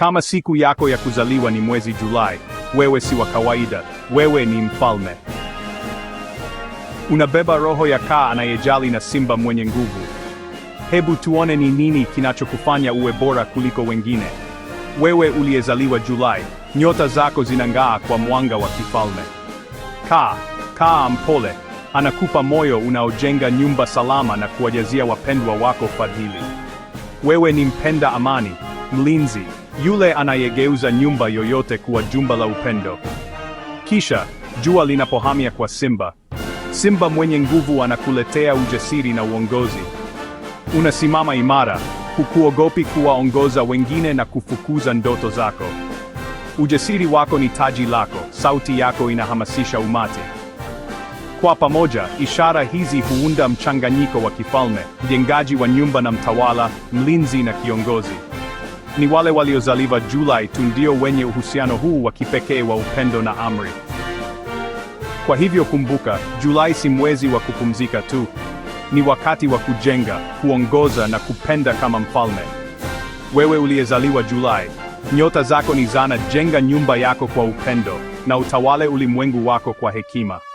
Kama siku yako ya kuzaliwa ni mwezi Julai, wewe si wa kawaida, wewe ni mfalme. Unabeba roho ya kaa anayejali na simba mwenye nguvu. Hebu tuone ni nini kinachokufanya uwe bora kuliko wengine. Wewe uliyezaliwa Julai, nyota zako zinang'aa kwa mwanga wa kifalme. Kaa, kaa mpole, anakupa moyo unaojenga nyumba salama na kuwajazia wapendwa wako fadhili. Wewe ni mpenda amani, mlinzi yule anayegeuza nyumba yoyote kuwa jumba la upendo. Kisha jua linapohamia kwa Simba, Simba mwenye nguvu anakuletea ujasiri na uongozi. Unasimama imara, hukuogopi kuwaongoza wengine na kufukuza ndoto zako. Ujasiri wako ni taji lako, sauti yako inahamasisha umati. Kwa pamoja, ishara hizi huunda mchanganyiko wa kifalme, mjengaji wa nyumba na mtawala, mlinzi na kiongozi. Ni wale waliozaliwa Julai tu ndio wenye uhusiano huu wa kipekee wa upendo na amri. Kwa hivyo kumbuka, Julai si mwezi wa kupumzika tu. Ni wakati wa kujenga, kuongoza na kupenda kama mfalme. Wewe uliyezaliwa Julai, nyota zako ni zana. Jenga nyumba yako kwa upendo na utawale ulimwengu wako kwa hekima.